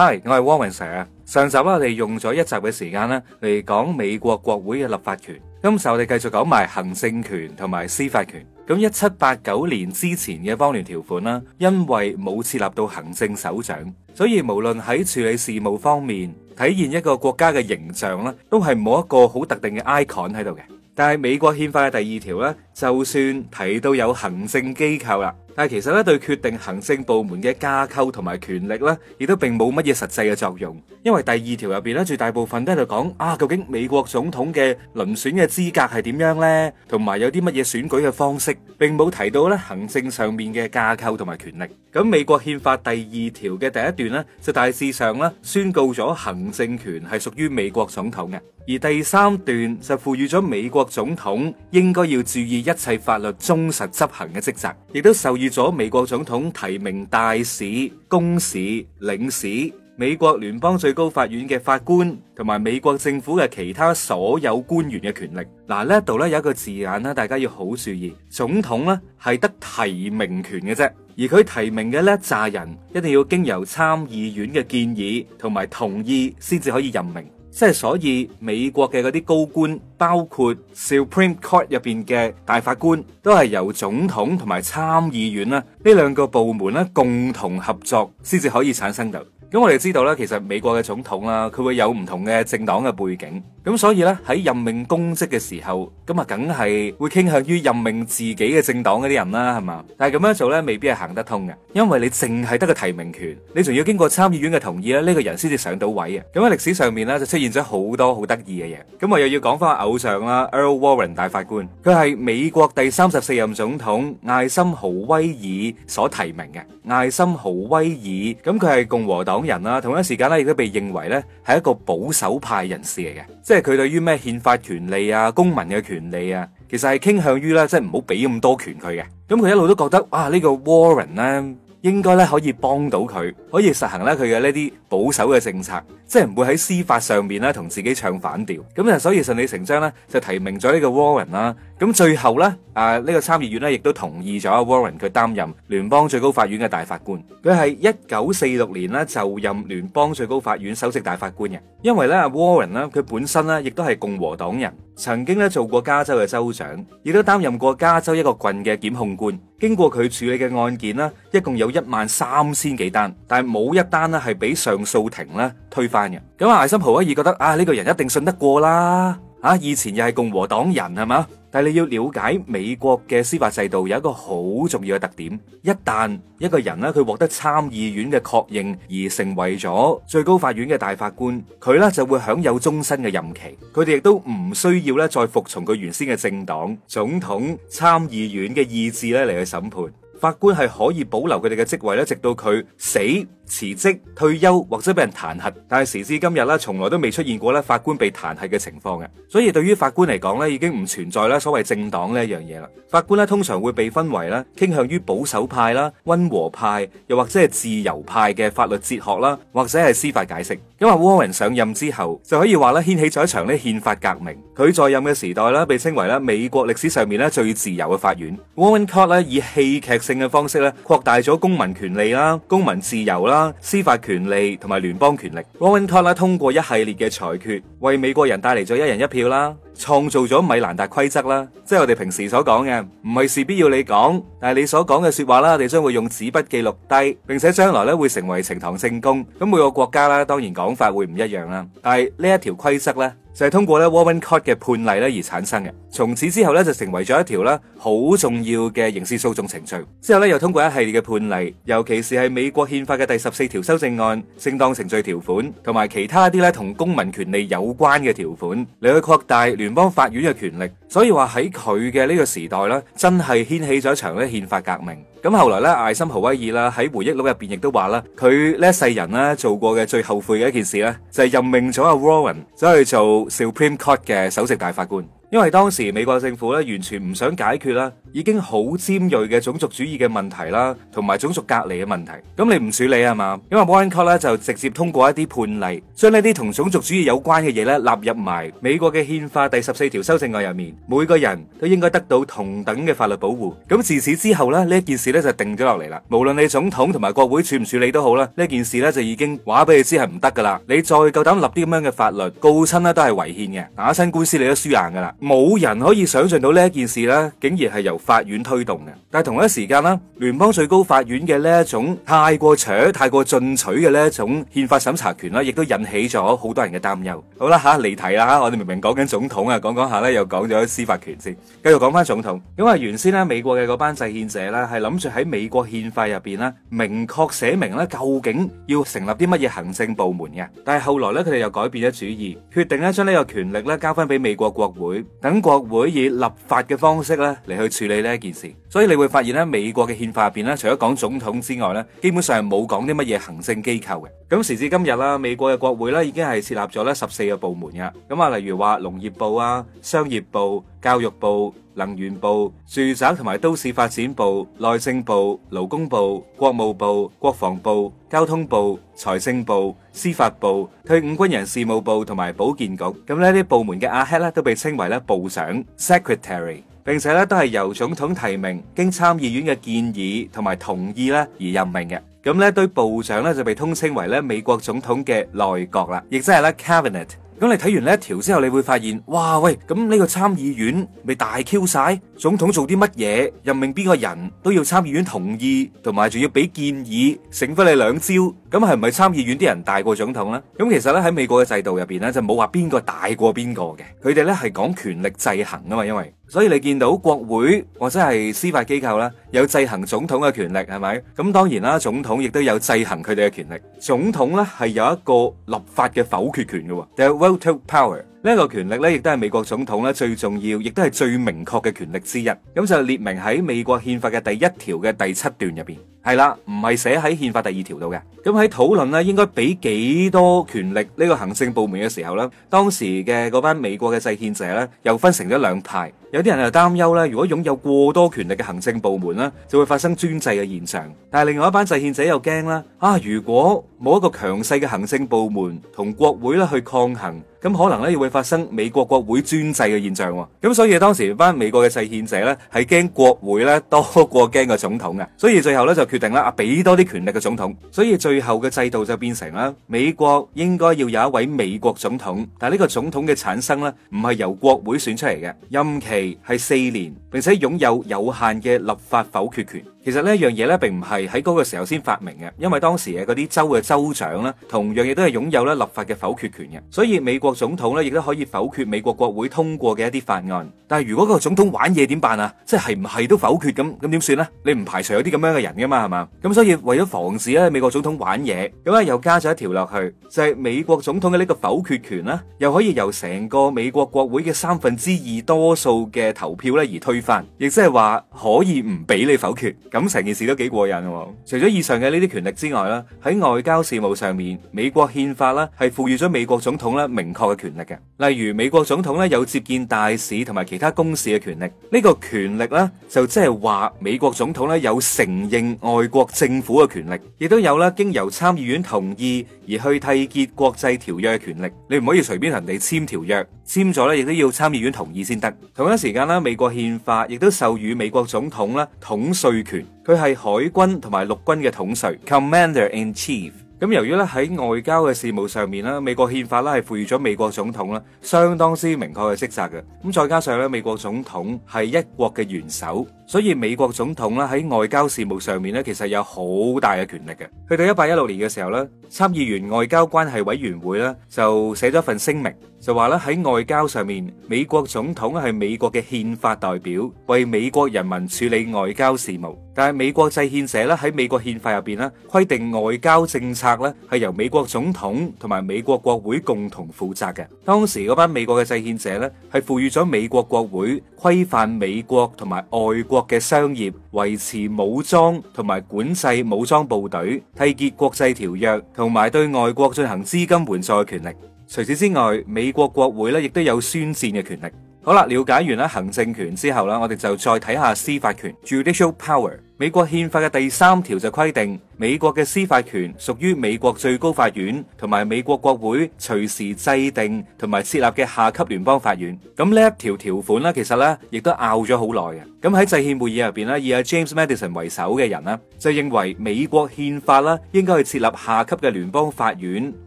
嗨，我係 Warren Sir 啊。上集啦，我哋用咗一集嘅時間啦嚟講美國國會嘅立法權。今集我哋繼續講埋行政權同埋司法權。咁一七八九年之前嘅邦聯條款啦，因為冇設立到行政首長，所以無論喺處理事務方面、體現一個國家嘅形象啦，都係冇一個好特定嘅 icon 喺度嘅。但係美國憲法嘅第二條咧。就算提到有行政機構啦，但係其實咧對決定行政部門嘅架構同埋權力咧，亦都並冇乜嘢實際嘅作用。因為第二條入邊咧，絕大部分都喺度講啊，究竟美國總統嘅遴選嘅資格係點樣咧，同埋有啲乜嘢選舉嘅方式，並冇提到咧行政上面嘅架構同埋權力。咁美國憲法第二條嘅第一段咧，就大致上咧宣告咗行政權係屬於美國總統嘅，而第三段就賦予咗美國總統應該要注意一切法律忠實執行嘅職責，亦都授予咗美國總統提名大使、公使、領事、美國聯邦最高法院嘅法官同埋美國政府嘅其他所有官員嘅權力。嗱，呢度咧有一個字眼啦，大家要好注意，總統咧係得提名權嘅啫，而佢提名嘅呢扎人一定要經由參議院嘅建議同埋同意先至可以任命。即係所以美國嘅嗰啲高官，包括 Supreme Court 入邊嘅大法官，都係由總統同埋參議院啦，呢兩個部門咧共同合作先至可以產生到。咁我哋知道咧，其實美國嘅總統啦，佢會有唔同嘅政黨嘅背景。咁所以咧，喺任命公職嘅時候，咁啊梗係會傾向於任命自己嘅政黨嗰啲人啦，係嘛？但係咁樣做咧，未必係行得通嘅，因為你淨係得個提名權，你仲要經過參議院嘅同意咧，呢個人先至上到位啊！咁喺歷史上面咧，就出現咗好多好得意嘅嘢。咁我又要講翻偶像啦，Earl Warren 大法官，佢係美國第三十四任總統艾森豪威爾所提名嘅。艾森豪威爾咁佢係共和黨人啦，同一時間咧亦都被認為咧係一個保守派人士嚟嘅，即係。佢對於咩憲法權利啊、公民嘅權利啊，其實係傾向於咧，即係唔好俾咁多權佢嘅。咁佢一路都覺得、這個、啊，呢個 Warren 咧，應該咧可以幫到佢，可以實行咧佢嘅呢啲保守嘅政策，即係唔會喺司法上面咧同自己唱反調。咁啊，所以順理成章咧就提名咗呢個 Warren 啦。咁最後咧啊，呢個參議院咧亦都同意咗 Warren 佢擔任聯邦最高法院嘅大法官。佢係一九四六年咧就任聯邦最高法院首席大法官嘅。因為咧 Warren 呢，佢本身咧亦都係共和黨人，曾經咧做過加州嘅州長，亦都擔任過加州一個郡嘅檢控官。經過佢處理嘅案件啦，一共有一萬三千幾單，但係冇一單咧係俾上訴庭咧推翻嘅。咁艾森豪威爾覺得啊呢個人一定信得過啦，吓、啊、以前又係共和黨人係嘛。係你要了解美國嘅司法制度有一個好重要嘅特點，一旦一個人咧，佢獲得參議院嘅確認而成為咗最高法院嘅大法官，佢咧就會享有終身嘅任期，佢哋亦都唔需要咧再服從佢原先嘅政黨、總統、參議院嘅意志咧嚟去審判，法官係可以保留佢哋嘅職位咧，直到佢死，辭職、退休或者被人彈劾，但係時至今日呢，從來都未出現過咧法官被彈劾嘅情況嘅。所以對於法官嚟講呢，已經唔存在啦所謂政黨呢一樣嘢啦。法官呢，通常會被分為咧傾向於保守派啦、溫和派，又或者係自由派嘅法律哲學啦，或者係司法解釋。咁 Warren 上任之後，就可以話咧掀起咗一場咧憲法革命。佢在任嘅時代咧，被稱為咧美國歷史上面咧最自由嘅法院。Warren Court 咧，以戲劇性嘅方式咧擴大咗公民權利啦、公民自由啦。司法權利同埋聯邦權力，沃恩托啦通過一系列嘅裁決，為美國人帶嚟咗一人一票啦，創造咗米蘭達規則啦，即係我哋平時所講嘅，唔係事必要你講，但係你所講嘅説話啦，我哋將會用紙筆記錄低，並且將來咧會成為呈堂證供。咁每個國家啦，當然講法會唔一樣啦，但係呢一條規則呢。就係通過咧 Warren Court 嘅判例咧而產生嘅，從此之後咧就成為咗一條咧好重要嘅刑事訴訟程序。之後咧又通過一系列嘅判例，尤其是係美國憲法嘅第十四條修正案、正當程序條款同埋其他一啲咧同公民權利有關嘅條款嚟去擴大聯邦法院嘅權力。所以話喺佢嘅呢個時代咧，真係掀起咗一場呢憲法革命。咁後來呢，艾森豪威爾啦喺回憶錄入邊亦都話啦，佢呢世人呢做過嘅最後悔嘅一件事呢，就係任命咗阿 Warren 走去做 Supreme Court 嘅首席大法官，因為當時美國政府呢完全唔想解決啦。已經好尖銳嘅種族主義嘅問題啦，同埋種族隔離嘅問題，咁你唔處理係嘛？因為摩安卡咧就直接通過一啲判例，將呢啲同種族主義有關嘅嘢咧納入埋美國嘅憲法第十四條修正案入面，每個人都應該得到同等嘅法律保護。咁自此之後咧，呢一件事咧就定咗落嚟啦。無論你總統同埋國會處唔處理都好啦，呢件事咧就已經話俾你知係唔得噶啦。你再夠膽立啲咁樣嘅法律告親咧，都係違憲嘅，打親官司你都輸硬噶啦。冇人可以想象到呢一件事咧，竟然係由法院推動嘅，但係同一時間啦，聯邦最高法院嘅呢一種太過扯、太過進取嘅呢一種憲法審查權啦，亦都引起咗好多人嘅擔憂。好啦，吓離題啦，吓我哋明明講緊總統啊，講講下咧又講咗司法權先，繼續講翻總統。因為原先咧美國嘅嗰班制憲者咧係諗住喺美國憲法入邊咧明確寫明咧究竟要成立啲乜嘢行政部門嘅，但係後來咧佢哋又改變咗主意，決定咧將呢個權力咧交翻俾美國國會，等國會以立法嘅方式咧嚟去處。你呢一件事，所以你會發現咧，美國嘅憲法入邊咧，除咗講總統之外咧，基本上係冇講啲乜嘢行政機構嘅。咁時至今日啦，美國嘅國會咧已經係設立咗咧十四個部門噶。咁啊，例如話農業部啊、商業部、教育部、能源部、住宅同埋都市發展部、內政部、勞工部、國務部、國防部、交通部、財政部、司法部、退伍軍人事務部同埋保健局。咁咧，呢啲部門嘅阿 head 咧，都被稱為咧部長 （secretary）。並且咧都係由總統提名，經參議院嘅建議同埋同意咧而任命嘅。咁呢對部長咧就被通稱為咧美國總統嘅內閣啦，亦即係咧 Cabinet。咁你睇完呢一條之後，你會發現，哇喂，咁呢個參議院咪大 Q 曬？總統做啲乜嘢任命邊個人都要參議院同意，同埋仲要俾建議，醒翻你兩招。咁係唔係參議院啲人大過總統呢？咁其實咧喺美國嘅制度入邊咧就冇話邊個大過邊個嘅，佢哋咧係講權力制衡啊嘛，因為。所以你見到國會或者係司法機構咧，有制衡總統嘅權力係咪？咁當然啦，總統亦都有制衡佢哋嘅權力。總統咧係有一個立法嘅否決權嘅喎。第二，veto power。呢一個權力咧，亦都係美國總統咧最重要，亦都係最明確嘅權力之一。咁就列明喺美國憲法嘅第一條嘅第七段入邊，係啦，唔係寫喺憲法第二條度嘅。咁喺討論咧，應該俾幾多權力呢個行政部門嘅時候咧，當時嘅嗰班美國嘅制憲者咧，又分成咗兩派。有啲人又擔憂咧，如果擁有過多權力嘅行政部門呢，就會發生專制嘅現象。但係另外一班制憲者又驚啦，啊，如果冇一個強勢嘅行政部門同國會咧去抗衡，咁可能咧又會發生美國國會專制嘅現象喎。咁所以當時班美國嘅制憲者咧係驚國會咧多過驚個總統嘅，所以最後咧就決定啦，啊，俾多啲權力嘅總統。所以最後嘅制度就變成啦，美國應該要有一位美國總統，但係呢個總統嘅產生咧唔係由國會選出嚟嘅，任期係四年，並且擁有有限嘅立法否決權。其實呢一樣嘢咧並唔係喺嗰個時候先發明嘅，因為當時嘅嗰啲州嘅。州長啦，同樣亦都係擁有咧立法嘅否決權嘅，所以美國總統咧亦都可以否決美國國會通過嘅一啲法案。但係如果個總統玩嘢點辦啊？即係係唔係都否決咁咁點算咧？你唔排除有啲咁樣嘅人噶嘛係嘛？咁所以為咗防止咧美國總統玩嘢，咁啊又加咗一條落去，就係美國總統嘅呢個否決權啦，又可以由成個美國國會嘅三分之二多數嘅投票咧而推翻，亦即係話可以唔俾你否決，咁成件事都幾過癮喎。除咗以上嘅呢啲權力之外啦，喺外交事務上面，美國憲法啦係賦予咗美國總統咧明確嘅權力嘅，例如美國總統咧有接見大使同埋其他公使嘅權力，呢個權力咧就即係話美國總統咧有承認外國政府嘅權力，亦都有啦經由參議院同意而去締結國際條約嘅權力，你唔可以隨便同人哋簽條約，簽咗咧亦都要參議院同意先得。同一時間啦，美國憲法亦都授予美國總統咧統帥權，佢係海軍同埋陸軍嘅統帥 （Commander in Chief）。Ch 咁由於咧喺外交嘅事務上面啦，美國憲法啦係賦予咗美國總統啦相當之明確嘅職責嘅。咁再加上咧美國總統係一國嘅元首，所以美國總統咧喺外交事務上面咧其實有好大嘅權力嘅。去到一八一六年嘅時候咧，參議院外交關係委員會咧就寫咗一份聲明，就話咧喺外交上面，美國總統係美國嘅憲法代表，為美國人民處理外交事務。但係美國制憲者咧喺美國憲法入邊咧規定外交政策咧係由美國總統同埋美國國會共同負責嘅。當時嗰班美國嘅制憲者咧係賦予咗美國國會規範美國同埋外國嘅商業、維持武裝同埋管制武裝部隊、締結國際條約同埋對外國進行資金援助嘅權力。除此之外，美國國會咧亦都有宣戰嘅權力。好啦，了解完啦行政權之後啦，我哋就再睇下司法權 （judicial power）。美國憲法嘅第三條就規定，美國嘅司法權屬於美國最高法院同埋美國國會隨時制定同埋設立嘅下級聯邦法院。咁呢一條條款呢，其實呢亦都拗咗好耐嘅。咁喺制憲會議入邊呢，以阿 James Madison 為首嘅人呢，就認為美國憲法啦應該去設立下級嘅聯邦法院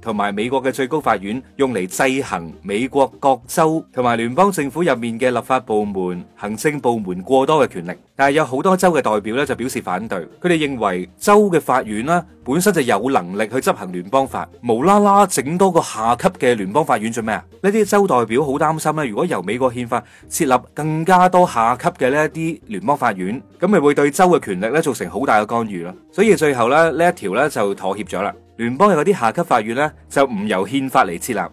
同埋美國嘅最高法院，用嚟制衡美國各州同埋聯邦政府入面嘅立法部門、行政部門過多嘅權力。但係有好多州嘅代表咧，就表示反對。佢哋認為州嘅法院呢，本身就有能力去執行聯邦法，無啦啦整多個下級嘅聯邦法院做咩啊？呢啲州代表好擔心咧，如果由美國憲法設立更加多下級嘅呢一啲聯邦法院，咁咪會對州嘅權力咧造成好大嘅干預咯。所以最後咧，呢一條咧就妥協咗啦，聯邦嘅有啲下級法院咧就唔由憲法嚟設立。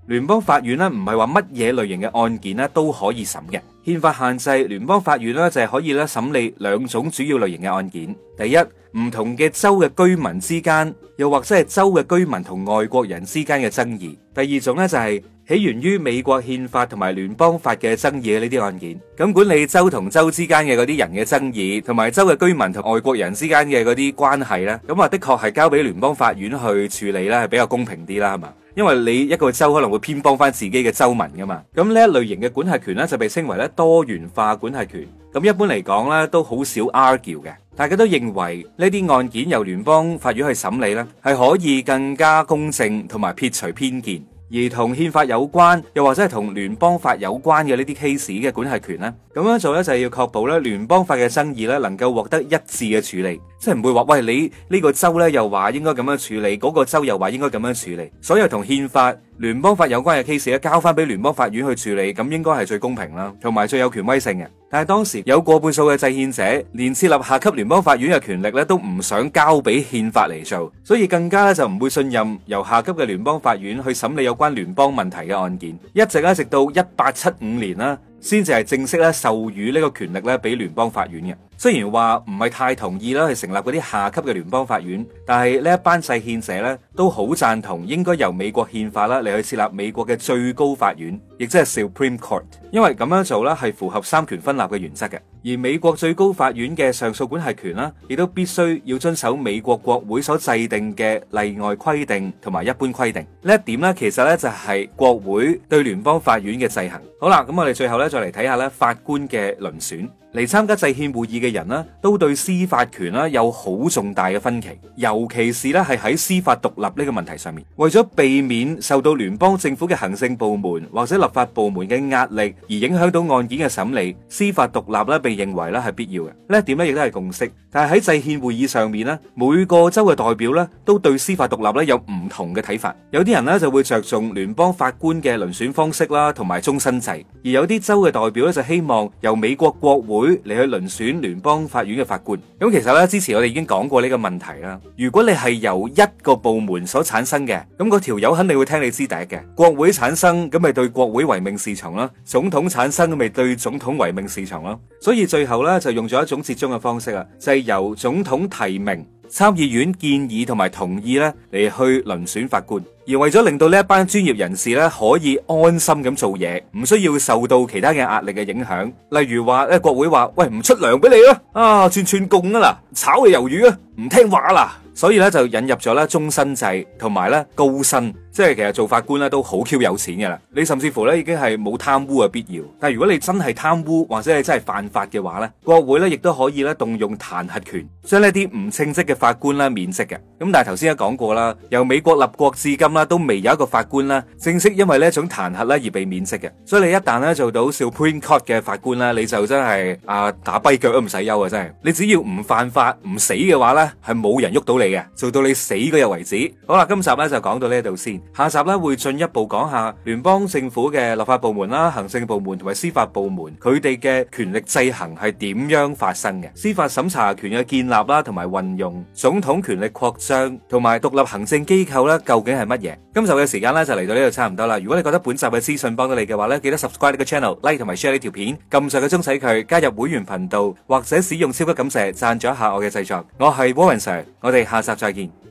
聯邦法院咧唔係話乜嘢類型嘅案件咧都可以審嘅，憲法限制聯邦法院咧就係可以咧審理兩種主要類型嘅案件。第一，唔同嘅州嘅居民之間，又或者係州嘅居民同外國人之間嘅爭議；第二種咧就係起源於美國憲法同埋聯邦法嘅爭議嘅呢啲案件。咁管理州同州之間嘅嗰啲人嘅爭議，同埋州嘅居民同外國人之間嘅嗰啲關係咧，咁啊，的確係交俾聯邦法院去處理咧，係比較公平啲啦，係嘛？因為你一個州可能會偏幫翻自己嘅州民噶嘛，咁呢一類型嘅管轄權咧就被稱為咧多元化管轄權。咁一般嚟講咧都好少 argue 嘅，大家都認為呢啲案件由聯邦法院去審理咧係可以更加公正同埋撇除偏見。而同憲法有關，又或者係同聯邦法有關嘅呢啲 case 嘅管轄權咧，咁樣做呢，就要確保咧聯邦法嘅爭議呢能夠獲得一致嘅處理，即係唔會話喂你呢個州呢又話應該咁樣處理，嗰、那個州又話應該咁樣處理，所有同憲法、聯邦法有關嘅 case 咧，交翻俾聯邦法院去處理，咁應該係最公平啦，同埋最有權威性嘅。但係當時有過半數嘅制憲者，連設立下級聯邦法院嘅權力咧，都唔想交俾憲法嚟做，所以更加咧就唔會信任由下級嘅聯邦法院去審理有關聯邦問題嘅案件，一直咧直到一八七五年啦。先至係正式咧授予呢個權力咧俾聯邦法院嘅。雖然話唔係太同意啦，去成立嗰啲下級嘅聯邦法院，但係呢一班制憲者咧都好贊同應該由美國憲法啦嚟去設立美國嘅最高法院，亦即係 Supreme Court，因為咁樣做咧係符合三權分立嘅原則嘅。而美國最高法院嘅上訴管轄權啦，亦都必須要遵守美國國會所制定嘅例外規定同埋一般規定。呢一點咧，其實咧就係國會對聯邦法院嘅制衡。好啦，咁我哋最後咧再嚟睇下咧法官嘅輪選。嚟參加制憲會議嘅人啦，都對司法權啦有好重大嘅分歧，尤其是咧係喺司法獨立呢個問題上面。為咗避免受到聯邦政府嘅行政部門或者立法部門嘅壓力而影響到案件嘅審理，司法獨立咧並認為咧係必要嘅，呢一點咧亦都係共識，但係喺制憲會議上面咧，每個州嘅代表咧都對司法獨立咧有唔同嘅睇法，有啲人咧就會着重聯邦法官嘅遴選方式啦，同埋終身制，而有啲州嘅代表咧就希望由美國國會嚟去遴選聯邦法院嘅法官。咁其實咧之前我哋已經講過呢個問題啦。如果你係由一個部門所產生嘅，咁嗰條友肯定會聽你支笛嘅。國會產生咁咪對國會唯命是從啦，總統產生咁咪對總統唯命是從啦。所以最後咧就用咗一種折中嘅方式啊，就係由總統提名、參議院建議同埋同意咧嚟去遴選法官。而為咗令到呢一班專業人士咧可以安心咁做嘢，唔需要受到其他嘅壓力嘅影響，例如話咧國會話喂唔出糧俾你啊，啊串串貢啊啦，炒你魷魚啊，唔聽話啦，所以咧就引入咗咧終身制同埋咧高薪。即係其實做法官咧都好 Q 有錢嘅啦，你甚至乎咧已經係冇貪污嘅必要。但係如果你真係貪污或者你真係犯法嘅話呢，國會咧亦都可以咧動用彈劾權，將呢啲唔稱職嘅法官咧免職嘅。咁但係頭先都講過啦，由美國立國至今啦，都未有一個法官咧正式因為呢一種彈劾咧而被免職嘅。所以你一旦咧做到 Supreme Court 嘅法官咧，你就真係啊打跛腳都唔使憂啊，真係。你只要唔犯法唔死嘅話呢，係冇人喐到你嘅，做到你死嗰日為止。好啦，今集咧就講到呢度先。下集咧會進一步講下聯邦政府嘅立法部門啦、行政部門同埋司法部門，佢哋嘅權力制衡係點樣發生嘅？司法審查權嘅建立啦，同埋運用總統權力擴張，同埋獨立行政機構咧，究竟係乜嘢？今集嘅時間咧就嚟到呢度差唔多啦。如果你覺得本集嘅資訊幫到你嘅話咧，記得 subscribe 呢個 channel、like 同埋 share 呢條片，撳上個鐘，使佢加入會員頻道，或者使用超級感謝贊助一下我嘅製作。我係 Warren Sir，我哋下集再見。